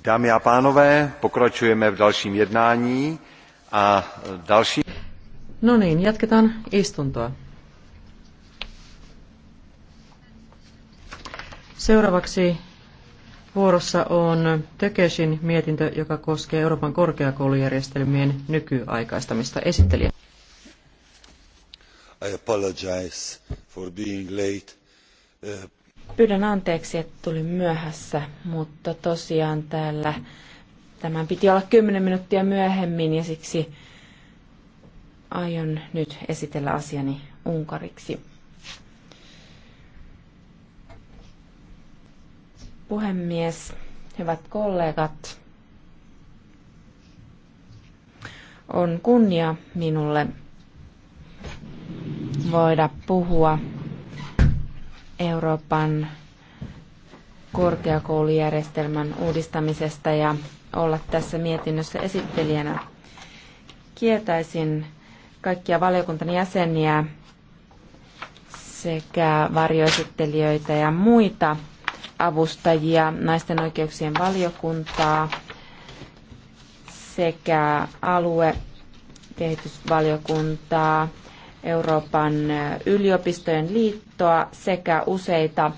Dámy a pánové, pokračujeme v dalším jednání a e, další... No niin, jatketaan istuntoa. Seuraavaksi vuorossa on Tökesin mietintö, joka koskee Euroopan korkeakoulujärjestelmien nykyaikaistamista. Esittelijä. I apologize for being late. Uh, Pyydän anteeksi, että tulin myöhässä, mutta tosiaan täällä tämän piti olla 10 minuuttia myöhemmin ja siksi aion nyt esitellä asiani unkariksi. Puhemies, hyvät kollegat, on kunnia minulle voida puhua Euroopan korkeakoulujärjestelmän uudistamisesta ja olla tässä mietinnössä esittelijänä. Kietäisin kaikkia valiokuntani jäseniä sekä varjoesittelijöitä ja muita avustajia, naisten oikeuksien valiokuntaa sekä alue kehitysvaliokuntaa, Euroopan yliopistojen liittoa sekä useita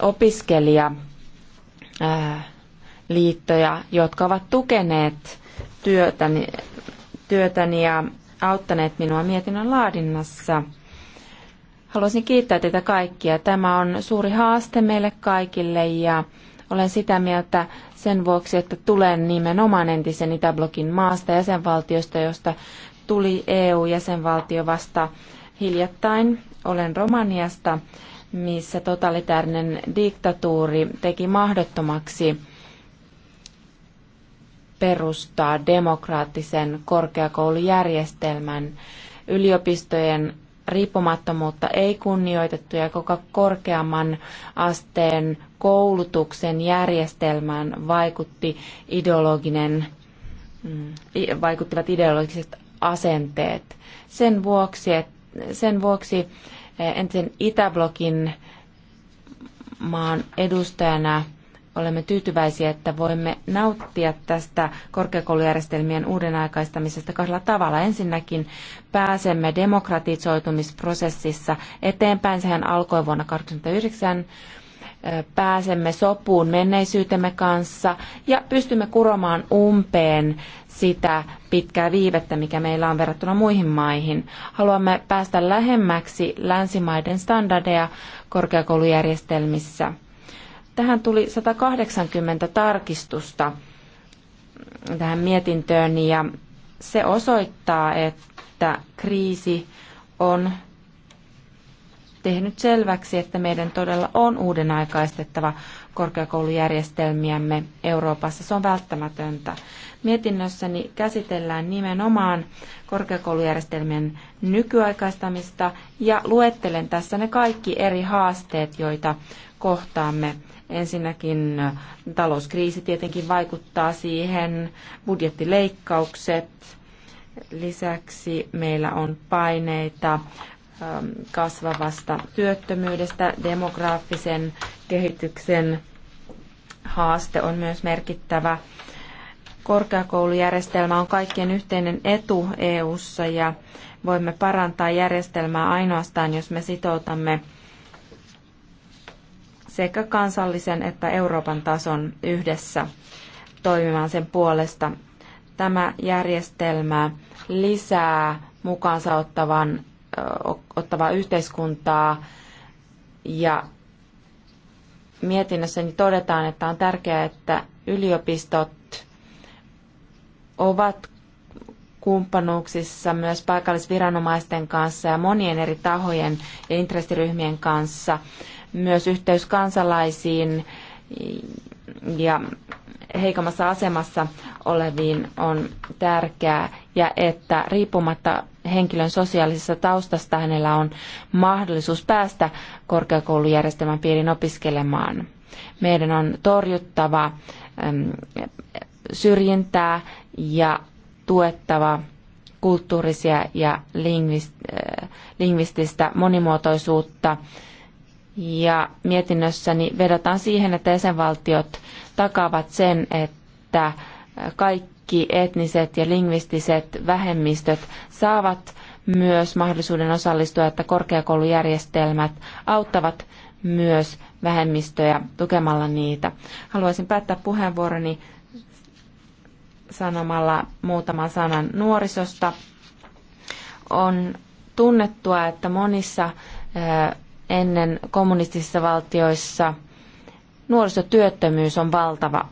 opiskelijaliittoja, jotka ovat tukeneet työtäni, työtäni ja auttaneet minua mietinnön laadinnassa. Haluaisin kiittää teitä kaikkia. Tämä on suuri haaste meille kaikille ja olen sitä mieltä sen vuoksi, että tulen nimenomaan entisen Itäblokin maasta ja sen valtiosta, josta tuli EU-jäsenvaltio vasta hiljattain. Olen Romaniasta, missä totalitaarinen diktatuuri teki mahdottomaksi perustaa demokraattisen korkeakoulujärjestelmän. Yliopistojen riippumattomuutta ei kunnioitettu ja koko korkeamman asteen koulutuksen järjestelmään vaikutti ideologinen, mm, vaikuttivat ideologiset asenteet. Sen vuoksi, että sen vuoksi eh, entisen Itäblokin maan edustajana olemme tyytyväisiä, että voimme nauttia tästä korkeakoulujärjestelmien uuden aikaistamisesta kahdella tavalla. Ensinnäkin pääsemme demokratisoitumisprosessissa eteenpäin. Sehän alkoi vuonna 1989 pääsemme sopuun menneisyytemme kanssa ja pystymme kuromaan umpeen sitä pitkää viivettä, mikä meillä on verrattuna muihin maihin. Haluamme päästä lähemmäksi länsimaiden standardeja korkeakoulujärjestelmissä. Tähän tuli 180 tarkistusta tähän mietintöön ja se osoittaa, että kriisi on tehnyt selväksi, että meidän todella on uuden aikaistettava korkeakoulujärjestelmiämme Euroopassa. Se on välttämätöntä. Mietinnössäni käsitellään nimenomaan korkeakoulujärjestelmien nykyaikaistamista ja luettelen tässä ne kaikki eri haasteet, joita kohtaamme. Ensinnäkin äh, talouskriisi tietenkin vaikuttaa siihen, budjettileikkaukset, Lisäksi meillä on paineita Ähm, kasvavasta työttömyydestä. Demograafisen kehityksen haaste on myös merkittävä. Korkeakoulujärjestelmä on kaikkien yhteinen etu EU:ssa ja voimme parantaa järjestelmää ainoastaan, jos me sitoutamme sekä kansallisen että Euroopan tason yhdessä toimimaan sen puolesta. Tämä järjestelmä lisää mukaansa ottavan ottavaa yhteiskuntaa. Ja mietinnössäni todetaan, että on tärkeää, että yliopistot ovat kumppanuuksissa myös paikallisviranomaisten kanssa ja monien eri tahojen ja intressiryhmien kanssa, myös yhteys kansalaisiin ja heikommassa asemassa oleviin on tärkeää ja että riippumatta henkilön sosiaalisesta taustasta hänellä on mahdollisuus päästä korkeakoulujärjestelmän piiriin opiskelemaan. Meidän on torjuttava syrjintää ja tuettava kulttuurisia ja äh, lingvististä monimuotoisuutta. Ja mietinnössäni vedotaan siihen, että jäsenvaltiot takaavat sen, että kaikki kaikki etniset ja lingvistiset vähemmistöt saavat myös mahdollisuuden osallistua, että korkeakoulujärjestelmät auttavat myös vähemmistöjä tukemalla niitä. Haluaisin päättää puheenvuoroni sanomalla muutaman sanan nuorisosta. On tunnettua, että monissa eh, ennen kommunistisissa valtioissa nuorisotyöttömyys on valtava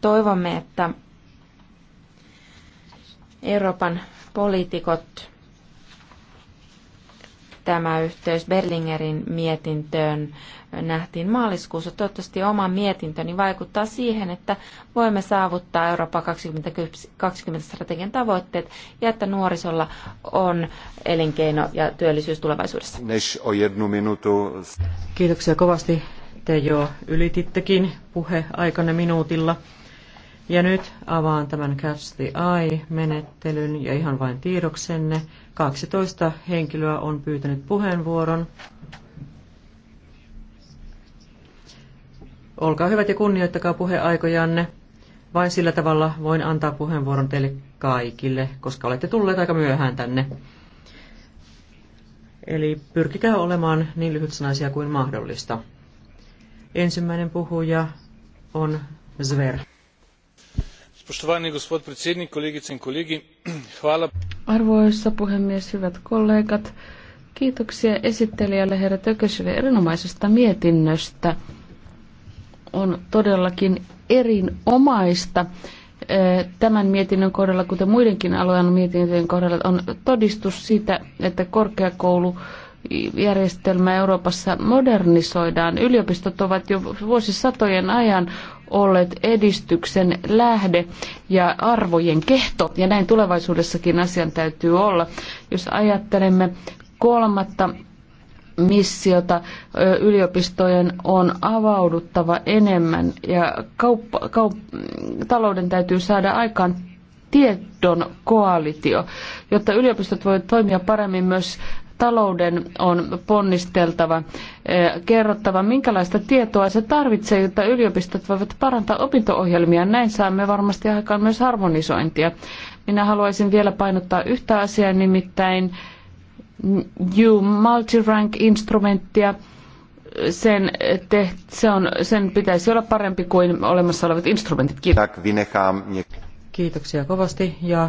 toivomme, että Euroopan poliitikot tämä yhteys Berlingerin mietintöön nähtiin maaliskuussa. Toivottavasti oma mietintöni vaikuttaa siihen, että voimme saavuttaa Eurooppa 2020 strategian tavoitteet ja että nuorisolla on elinkeino ja työllisyys tulevaisuudessa. Kiitoksia kovasti. Te jo ylitittekin aikana minuutilla. Ja nyt avaan tämän Catch the Eye-menettelyn ja ihan vain tiedoksenne. 12 henkilöä on pyytänyt puheenvuoron. Olkaa hyvät ja kunnioittakaa puheaikojanne. Vain sillä tavalla voin antaa puheenvuoron teille kaikille, koska olette tulleet aika myöhään tänne. Eli pyrkikää olemaan niin lyhytsanaisia kuin mahdollista. Ensimmäinen puhuja on Zver. Arvoisa puhemies, hyvät kollegat. Kiitoksia esittelijälle herra Tököselle erinomaisesta mietinnöstä. On todellakin erinomaista eh, tämän mietinnön kohdalla, kuten muidenkin alueen mietintöjen kohdalla, on todistus siitä, että korkeakoulu järjestelmä Euroopassa modernisoidaan. Yliopistot ovat jo vuosisatojen ajan olleet edistyksen lähde ja arvojen kehto, ja näin tulevaisuudessakin asian täytyy olla. Jos ajattelemme kolmatta missiota yliopistojen on avauduttava enemmän ja kauppa, kaup- talouden täytyy saada aikaan tiedon koalitio, jotta yliopistot voivat toimia paremmin myös talouden on ponnisteltava, eh, kerrottava, minkälaista tietoa se tarvitsee, jotta yliopistot voivat parantaa opinto-ohjelmia. Näin saamme varmasti aikaan myös harmonisointia. Minä haluaisin vielä painottaa yhtä asiaa, nimittäin New Multirank-instrumenttia. Sen, te, se on, sen pitäisi olla parempi kuin olemassa olevat instrumentit. Kiitoksia kovasti ja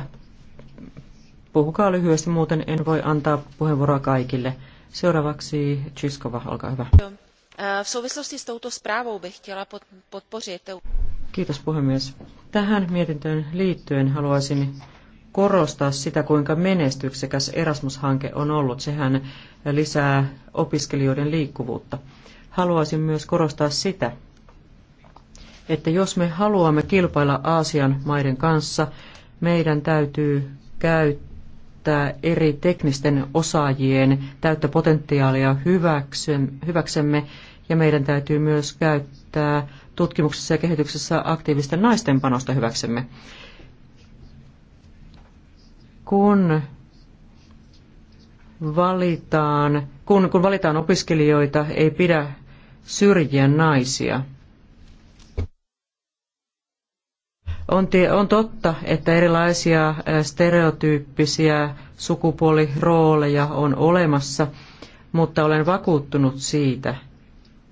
Puhukaa lyhyesti, muuten en voi antaa puheenvuoroa kaikille. Seuraavaksi Čiskova, olkaa hyvä. V souvislosti s touto zprávou bych chtěla podpořit... Kiitos puhemies. Tähän mietintöön liittyen haluaisin korostaa sitä, kuinka menestyksekäs Erasmus-hanke on ollut. Sehän lisää opiskelijoiden liikkuvuutta. Haluaisin myös korostaa sitä, että jos me haluamme kilpailla Aasian maiden kanssa, meidän täytyy käyttää käyttää eri teknisten osaajien täyttä potentiaalia hyväksemme ja meidän täytyy myös käyttää tutkimuksessa ja kehityksessä aktiivisten naisten panosta hyväksemme. Kun valitaan, kun, kun valitaan opiskelijoita, ei pidä syrjiä naisia. On, on totta, että erilaisia stereotyyppisiä sukupuolirooleja on olemassa, mutta olen vakuuttunut siitä,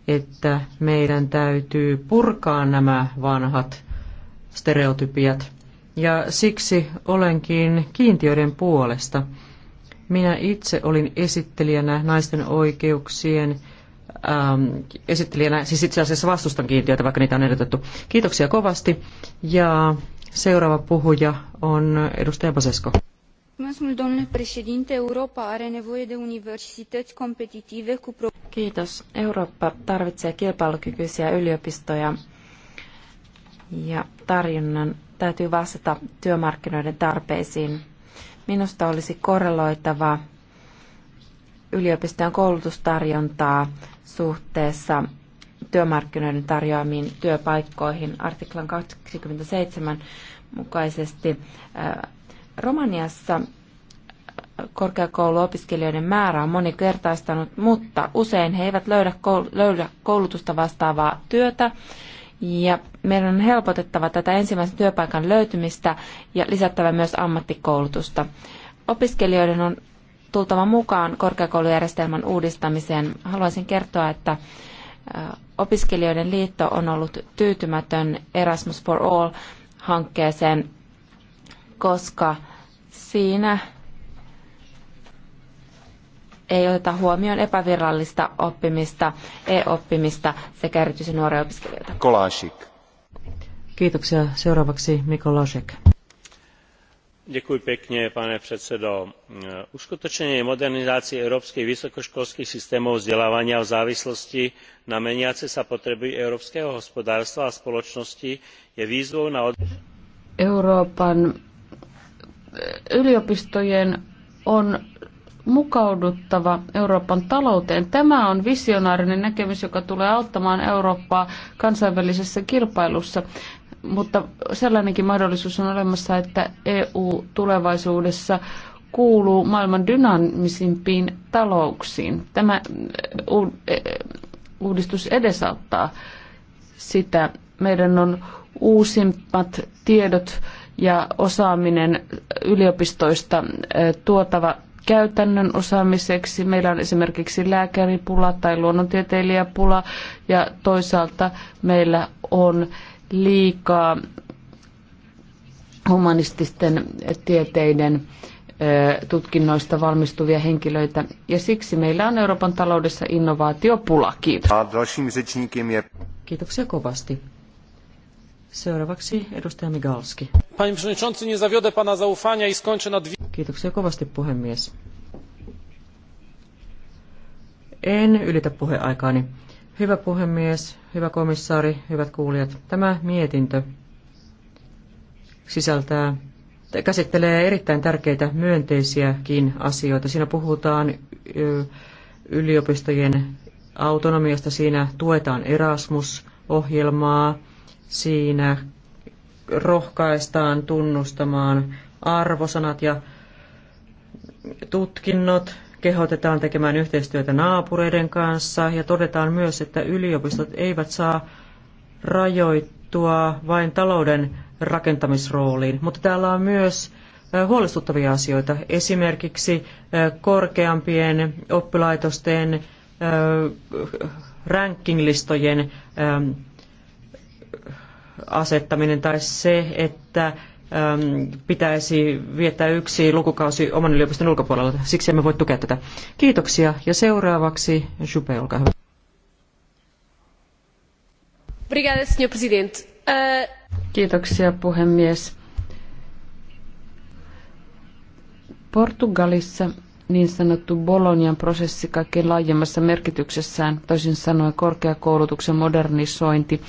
että meidän täytyy purkaa nämä vanhat stereotypiat. Ja siksi olenkin kiintiöiden puolesta. Minä itse olin esittelijänä naisten oikeuksien äm, esittelijänä, siis itse asiassa vastustan kiintiöitä, vaikka niitä on ehdotettu. Kiitoksia kovasti. Ja seuraava puhuja on edustaja Basesko. Kiitos. Eurooppa tarvitsee kilpailukykyisiä yliopistoja ja tarjonnan täytyy vastata työmarkkinoiden tarpeisiin. Minusta olisi korreloitava yliopistojen koulutustarjontaa suhteessa työmarkkinoiden tarjoamiin työpaikkoihin artiklan 27 mukaisesti. Äh, Romaniassa äh, korkeakouluopiskelijoiden määrä on monikertaistanut, mutta usein he eivät löydä, löydä koulutusta vastaavaa työtä. Ja meidän on helpotettava tätä ensimmäisen työpaikan löytymistä ja lisättävä myös ammattikoulutusta. Opiskelijoiden on tultava mukaan korkeakoulujärjestelmän uudistamiseen. Haluaisin kertoa, että opiskelijoiden liitto on ollut tyytymätön Erasmus for All-hankkeeseen, koska siinä ei oteta huomioon epävirallista oppimista, e-oppimista sekä erityisen nuoria opiskelijoita. Kolasik. Kiitoksia. Seuraavaksi Miko Eh, uskutočnenie modernizácie európskych vysokoškolských systémov vzdelávania v závislosti na meniace sa potreby európskeho hospodárstva a spoločnosti je výzvou na. euroopan eh, yliopistojen on mukauduttava Euroopan talouteen. Tämä on visionaarinen näkemys, joka tulee auttamaan Eurooppaa kansainvälisessä kilpailussa mutta sellainenkin mahdollisuus on olemassa, että EU tulevaisuudessa kuuluu maailman dynaamisimpiin talouksiin. Tämä äh, äh, uudistus edesauttaa sitä. Meidän on uusimmat tiedot ja osaaminen yliopistoista äh, tuotava käytännön osaamiseksi. Meillä on esimerkiksi lääkäripula tai luonnontieteilijäpula ja toisaalta meillä on liikaa humanististen tieteiden tutkinnoista valmistuvia henkilöitä ja siksi meillä on Euroopan taloudessa innovaatiopula. Kiitos. Kiitoksia kovasti. Seuraavaksi edustaja Migalski. pana Kiitoksia kovasti puhemies. En ylitä puheaikaani. Hyvä puhemies, hyvä komissaari, hyvät kuulijat. Tämä mietintö sisältää käsittelee erittäin tärkeitä myönteisiäkin asioita. Siinä puhutaan yliopistojen autonomiasta, siinä tuetaan Erasmus-ohjelmaa, siinä rohkaistaan tunnustamaan arvosanat ja tutkinnot, kehotetaan tekemään yhteistyötä naapureiden kanssa ja todetaan myös, että yliopistot eivät saa rajoittua vain talouden rakentamisrooliin. Mutta täällä on myös huolestuttavia asioita, esimerkiksi korkeampien oppilaitosten rankinglistojen asettaminen tai se, että Ähm, pitäisi viettää yksi lukukausi oman yliopiston ulkopuolella. Siksi emme voi tukea tätä. Kiitoksia. Ja seuraavaksi Jupe, olkaa hyvä. Eh, Kiitoksia puhemies. Portugalissa niin sanottu Bolonian prosessi kaikkein laajemmassa merkityksessään, toisin sanoen korkeakoulutuksen modernisointi,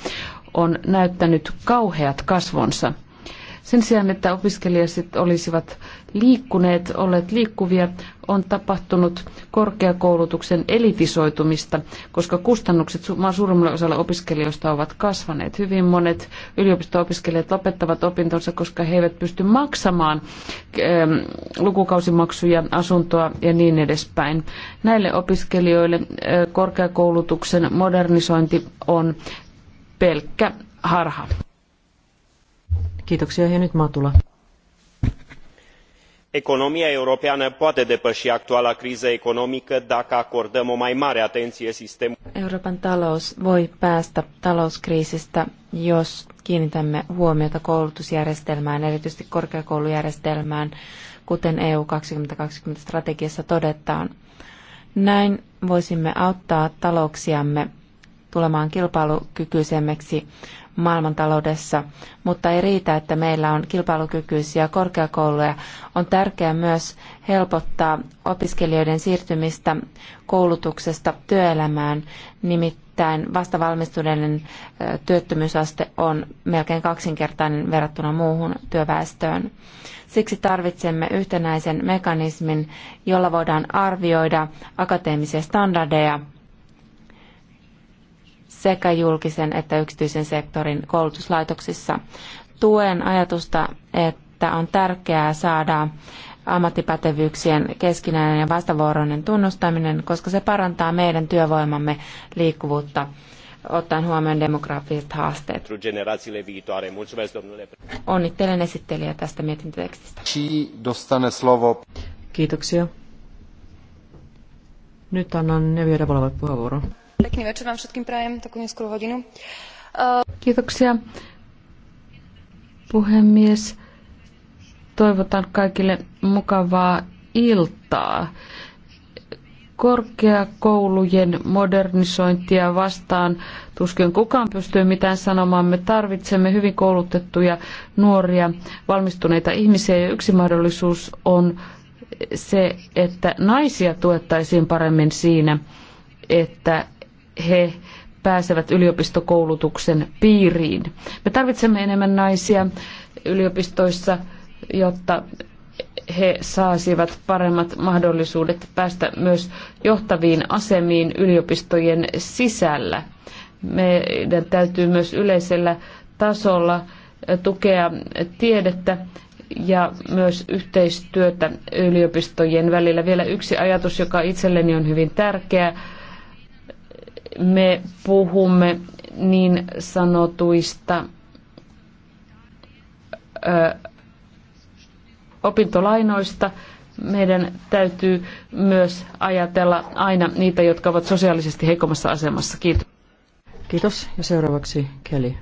on näyttänyt kauheat kasvonsa – sen sijaan, että opiskelijat olisivat liikkuneet, olleet liikkuvia, on tapahtunut korkeakoulutuksen elitisoitumista, koska kustannukset suurimmalle osalle opiskelijoista ovat kasvaneet. Hyvin monet yliopisto-opiskelijat lopettavat opintonsa, koska he eivät pysty maksamaan ähm, lukukausimaksuja, asuntoa ja niin edespäin. Näille opiskelijoille äh, korkeakoulutuksen modernisointi on pelkkä harha. Kiitoksia ja nyt Matula. Economia europeană poate depăși actuala criză economică dacă acordăm o mai mare atenție sistemului. Euroopan talous voi päästä talouskriisistä, jos kiinnitämme huomiota koulutusjärjestelmään, erityisesti korkeakoulujärjestelmään, kuten EU 2020 strategiassa todetaan. Näin voisimme auttaa talouksiamme tulemaan kilpailukykyisemmiksi maailmantaloudessa, mutta ei riitä, että meillä on kilpailukykyisiä korkeakouluja. On tärkeää myös helpottaa opiskelijoiden siirtymistä koulutuksesta työelämään, nimittäin vastavalmistuneiden työttömyysaste on melkein kaksinkertainen verrattuna muuhun työväestöön. Siksi tarvitsemme yhtenäisen mekanismin, jolla voidaan arvioida akateemisia standardeja – sekä julkisen että yksityisen sektorin koulutuslaitoksissa. Tuen ajatusta, että on tärkeää saada ammattipätevyyksien keskinäinen ja vastavuoroinen tunnustaminen, koska se parantaa meidän työvoimamme liikkuvuutta ottaen huomioon demografiset haasteet. Onnittelen esittelijä tästä mietintötekstistä. Kiitoksia. Nyt annan Nevia Davolalle puheenvuoron. Pekný večer vám všetkým prajem, takú hodinu. Kiitoksia puhemies. Toivotan kaikille mukavaa iltaa. Korkeakoulujen modernisointia vastaan tuskin kukaan pystyy mitään sanomaan. Me tarvitsemme hyvin koulutettuja nuoria valmistuneita ihmisiä ja yksi mahdollisuus on se, että naisia tuettaisiin paremmin siinä, että he pääsevät yliopistokoulutuksen piiriin. Me tarvitsemme enemmän naisia yliopistoissa, jotta he saisivat paremmat mahdollisuudet päästä myös johtaviin asemiin yliopistojen sisällä. Meidän täytyy myös yleisellä tasolla tukea tiedettä ja myös yhteistyötä yliopistojen välillä. Vielä yksi ajatus, joka itselleni on hyvin tärkeä me puhumme niin sanotuista ö, opintolainoista. Meidän täytyy myös ajatella aina niitä, jotka ovat sosiaalisesti heikommassa asemassa. Kiitos. Kiitos. Ja seuraavaksi Keli.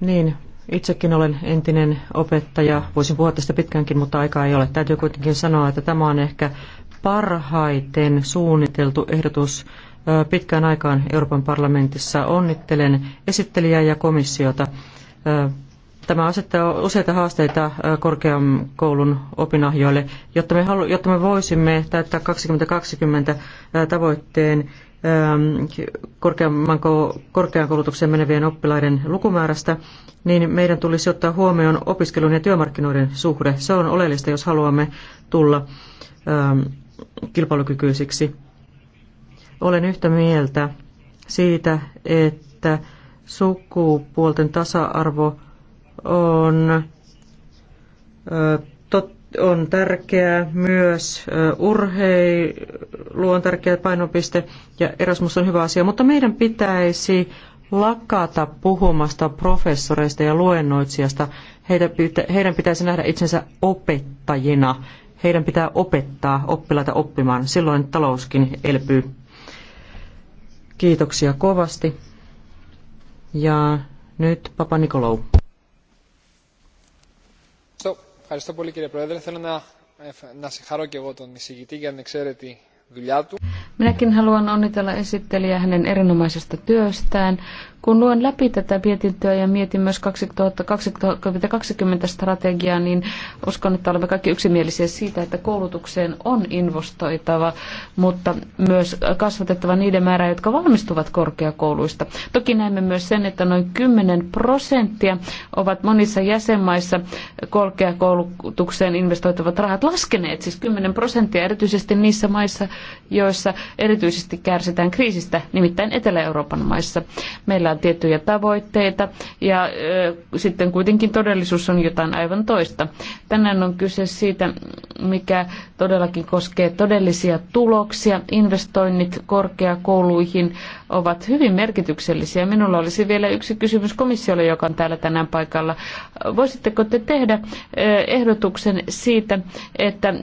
Niin, itsekin olen entinen opettaja. Voisin puhua tästä pitkäänkin, mutta aikaa ei ole. Täytyy kuitenkin sanoa, että tämä on ehkä parhaiten suunniteltu ehdotus pitkään aikaan Euroopan parlamentissa. Onnittelen esittelijää ja komissiota. Tämä asettaa useita haasteita korkeakoulun opinahjoille, jotta me, halu, jotta me voisimme täyttää 2020 tavoitteen korkeamman, korkean koulutukseen menevien oppilaiden lukumäärästä, niin meidän tulisi ottaa huomioon opiskelun ja työmarkkinoiden suhde. Se on oleellista, jos haluamme tulla kilpailukykyisiksi. Olen yhtä mieltä siitä, että sukupuolten tasa-arvo on, on tärkeää myös urheilu on tärkeä painopiste ja Erasmus on hyvä asia, mutta meidän pitäisi lakata puhumasta professoreista ja luennoitsijasta. pitä, heidän pitäisi nähdä itsensä opettajina heidän pitää opettaa oppilaita oppimaan. Silloin talouskin elpyy. Kiitoksia kovasti. Ja nyt Papa Nikolou. Minäkin haluan onnitella esittelijää hänen erinomaisesta työstään. Kun luen läpi tätä mietintöä ja mietin myös 2020 strategiaa, niin uskon, että olemme kaikki yksimielisiä siitä, että koulutukseen on investoitava, mutta myös kasvatettava niiden määrää, jotka valmistuvat korkeakouluista. Toki näemme myös sen, että noin 10 prosenttia ovat monissa jäsenmaissa korkeakoulutukseen investoitavat rahat laskeneet, siis 10 prosenttia erityisesti niissä maissa, joissa erityisesti kärsitään kriisistä, nimittäin Etelä-Euroopan maissa. Meillä meillä on tiettyjä tavoitteita ja sitten kuitenkin todellisuus on jotain aivan toista. Tänään on kyse siitä, mikä todellakin koskee todellisia tuloksia. Investoinnit korkeakouluihin ovat hyvin merkityksellisiä. Minulla olisi vielä yksi kysymys komissiolle, joka on täällä tänään paikalla. Voisitteko te tehdä ehdotuksen siitä, että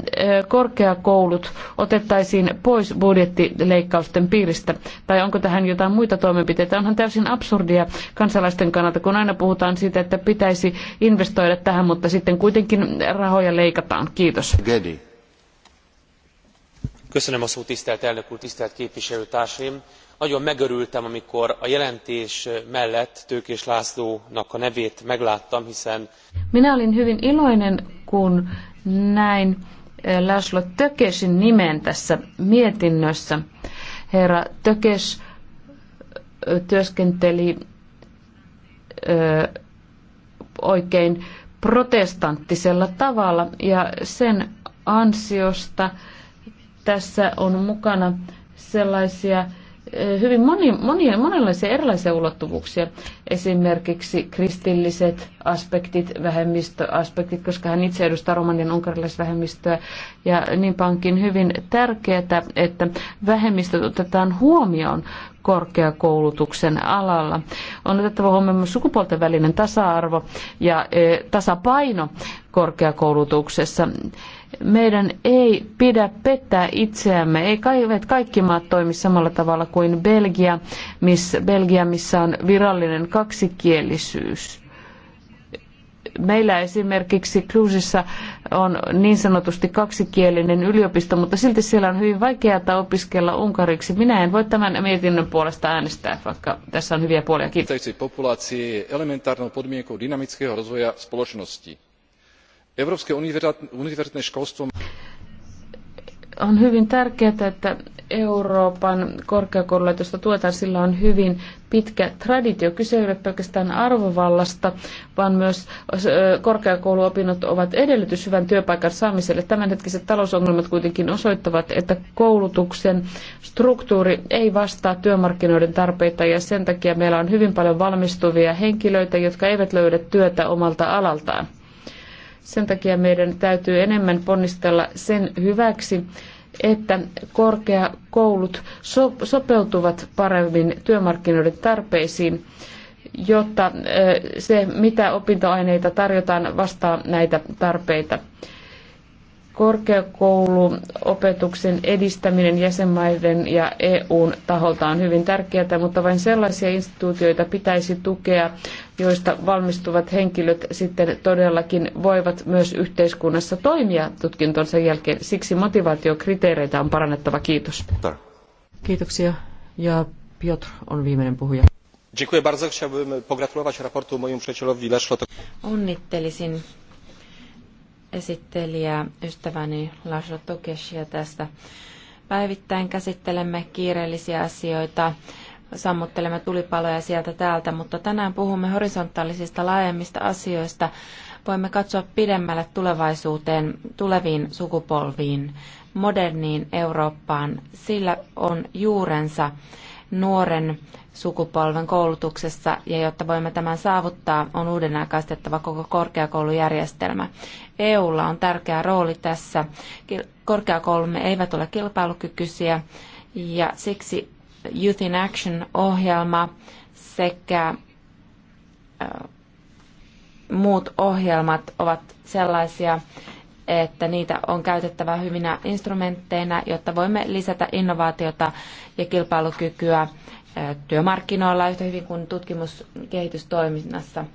korkeakoulut otettaisiin pois budjettileikkausten piiristä? Tai onko tähän jotain muita toimenpiteitä? Onhan täysin absurdia kansalaisten kannalta, kun aina puhutaan siitä, että pitäisi investoida tähän, mutta sitten kuitenkin rahoja leikataan. Kiitos. Gedi. Köszönöm a szót, tisztelt elnök úr, tisztelt képviselőtársaim! Nagyon megörültem, amikor a jelentés mellett Tőkés Lászlónak a nevét megláttam, hiszen... Minä olin hyvin iloinen, kun näin eh, László Tökesin nimen tässä mietinnössä. Herra Tökes työskenteli oikein protestanttisella tavalla ja sen ansiosta tässä on mukana sellaisia Eh, hyvin moni, monia, monenlaisia erilaisia ulottuvuuksia. Esimerkiksi kristilliset aspektit, vähemmistöaspektit, koska hän itse edustaa romanian unkarilaisvähemmistöä. Ja niin onkin hyvin tärkeää, että vähemmistöt otetaan huomioon korkeakoulutuksen alalla. On otettava huomioon myös sukupuolten välinen tasa-arvo ja eh, tasapaino korkeakoulutuksessa. Meidän ei pidä pettää itseämme. Ei kaikki maat toimi samalla tavalla kuin Belgia, missä, Belgia, missä on virallinen kaksikielisyys meillä esimerkiksi Kluusissa on niin sanotusti kaksikielinen yliopisto, mutta silti siellä on hyvin vaikeaa opiskella unkariksi. Minä en voi tämän mietinnön puolesta äänestää, vaikka tässä on hyviä puolia. Kiitos. populaatio dynamického rozvoja spoločnosti Európske univerzitné školstvo... On hyvin tärkeää, että Euroopan korkeakoululaitosta tuetaan, sillä on hyvin pitkä traditio. Kyse ei ole pelkästään arvovallasta, vaan myös korkeakouluopinnot ovat edellytys hyvän työpaikan saamiselle. Tämänhetkiset talousongelmat kuitenkin osoittavat, että koulutuksen struktuuri ei vastaa työmarkkinoiden tarpeita ja sen takia meillä on hyvin paljon valmistuvia henkilöitä, jotka eivät löydä työtä omalta alaltaan. Sen takia meidän täytyy enemmän ponnistella sen hyväksi, että korkeakoulut so- sopeutuvat paremmin työmarkkinoiden tarpeisiin, jotta se, mitä opintoaineita tarjotaan, vastaa näitä tarpeita. Korkeakouluopetuksen edistäminen jäsenmaiden ja EUn taholta on hyvin tärkeää, mutta vain sellaisia instituutioita pitäisi tukea, joista valmistuvat henkilöt sitten todellakin voivat myös yhteiskunnassa toimia tutkintonsa jälkeen. Siksi motivaatiokriteereitä on parannettava. Kiitos. Kiitoksia. Ja Piotr on viimeinen puhuja. Dziękuję bardzo. Chciałbym pogratulować raportu mojemu przyjacielowi Leszlo. Onnittelisin esittelijää, ystäväni Laszlo Tokeshia tästä. Päivittäin käsittelemme kiireellisiä asioita, sammuttelemme tulipaloja sieltä täältä, mutta tänään puhumme horisontaalisista laajemmista asioista. Voimme katsoa pidemmälle tulevaisuuteen, tuleviin sukupolviin, moderniin Eurooppaan. Sillä on juurensa nuoren sukupolven koulutuksessa ja jotta voimme tämän saavuttaa, on uudenaikaistettava koko korkeakoulujärjestelmä. EUlla on tärkeä rooli tässä. Korkeakoulumme eivät ole kilpailukykyisiä ja siksi Youth in Action-ohjelma sekä muut ohjelmat ovat sellaisia, että niitä on käytettävä hyvinä instrumentteina, jotta voimme lisätä innovaatiota ja kilpailukykyä työmarkkinoilla yhtä hyvin kuin tutkimuskehitystoiminnassa.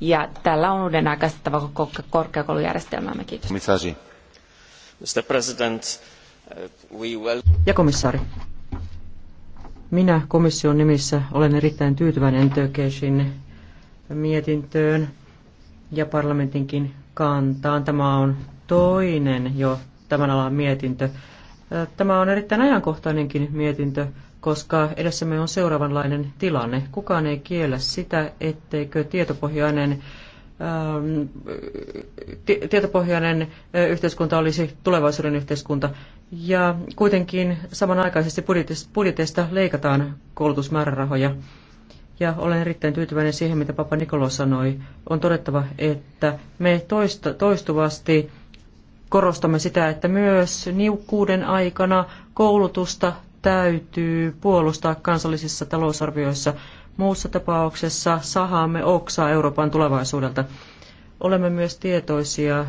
Ja tällä on uuden aikaistettava koko korkeakoulujärjestelmäämme. Kiitos. Mitsasi. Mr. President, uh, we will... Ja komissaari. Minä komission nimissä olen erittäin tyytyväinen Tökesin mietintöön ja parlamentinkin kantaan. Tämä on toinen jo tämän alan mietintö, Tämä on erittäin ajankohtainenkin mietintö, koska edessämme on seuraavanlainen tilanne. Kukaan ei kiellä sitä, etteikö tietopohjainen ähm, tietopohjainen yhteiskunta olisi tulevaisuuden yhteiskunta. Ja kuitenkin samanaikaisesti budjeteista leikataan koulutusmäärärahoja. Ja olen erittäin tyytyväinen siihen, mitä Papa Nikolo sanoi. On todettava, että me toista, toistuvasti korostamme sitä, että myös niukkuuden aikana koulutusta täytyy puolustaa kansallisissa talousarvioissa. Muussa tapauksessa sahaamme oksaa Euroopan tulevaisuudelta. Olemme myös tietoisia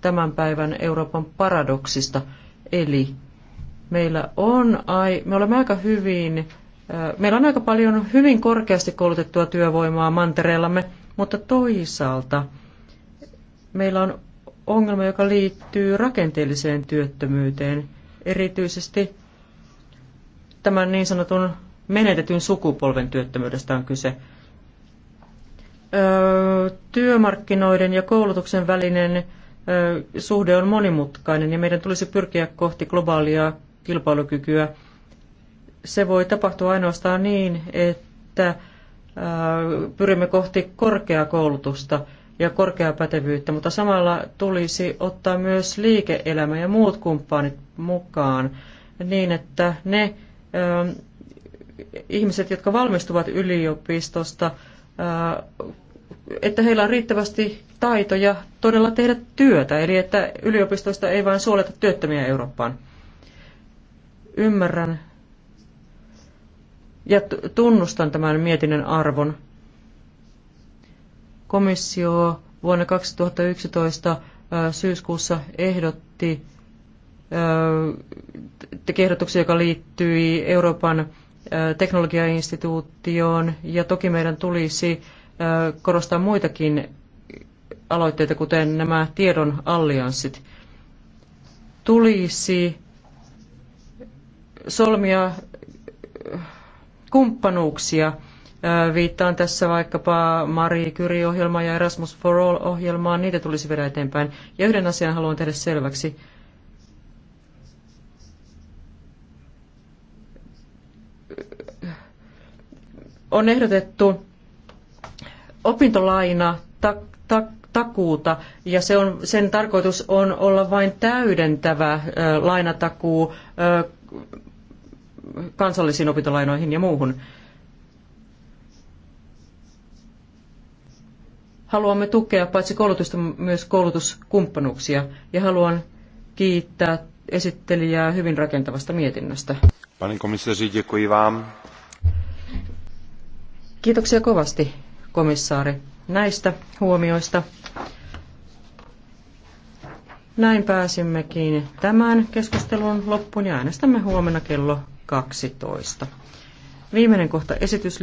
tämän päivän Euroopan paradoksista, eli meillä on ai, me olemme aika hyvin, meillä on aika paljon hyvin korkeasti koulutettua työvoimaa mantereellamme, mutta toisaalta meillä on ongelma, joka liittyy rakenteelliseen työttömyyteen, erityisesti tämän niin sanotun menetetyn sukupolven työttömyydestä on kyse. työmarkkinoiden ja koulutuksen välinen suhde on monimutkainen ja meidän tulisi pyrkiä kohti globaalia kilpailukykyä. Se voi tapahtua ainoastaan niin, että pyrimme kohti korkeakoulutusta koulutusta ja korkeaa pätevyyttä, mutta samalla tulisi ottaa myös liike-elämä ja muut kumppanit mukaan niin, että ne ö, ähm, ihmiset, jotka valmistuvat yliopistosta, ö, äh, että heillä on riittävästi taitoja todella tehdä työtä, eli että yliopistoista ei vain suoleta työttömiä Eurooppaan. Ymmärrän ja tunnustan tämän mietinnön arvon. Komissio vuonna 2011 syyskuussa ehdotti ehdotuksia, joka liittyi Euroopan teknologiainstituuttioon, ja toki meidän tulisi korostaa muitakin aloitteita, kuten nämä tiedon allianssit. Tulisi solmia kumppanuuksia Viittaan tässä vaikkapa Marie Curie-ohjelmaan ja Erasmus for All-ohjelmaan, niitä tulisi viedä eteenpäin. Ja yhden asian haluan tehdä selväksi. On ehdotettu opintolaina tak, tak, takuuta ja se on, sen tarkoitus on olla vain täydentävä ö, lainatakuu ö, kansallisiin opintolainoihin ja muuhun. Ö, Haluamme tukea paitsi koulutusta myös koulutuskumppanuuksia ja haluan kiittää esittelijää hyvin rakentavasta mietinnöstä. Pane komissaari, děkuji vám. Kiitoksia kovasti, komissaari, näistä huomioista. Näin pääsimmekin tämän keskustelun loppuun ja äänestämme huomenna kello 12. Viimeinen kohta esitys.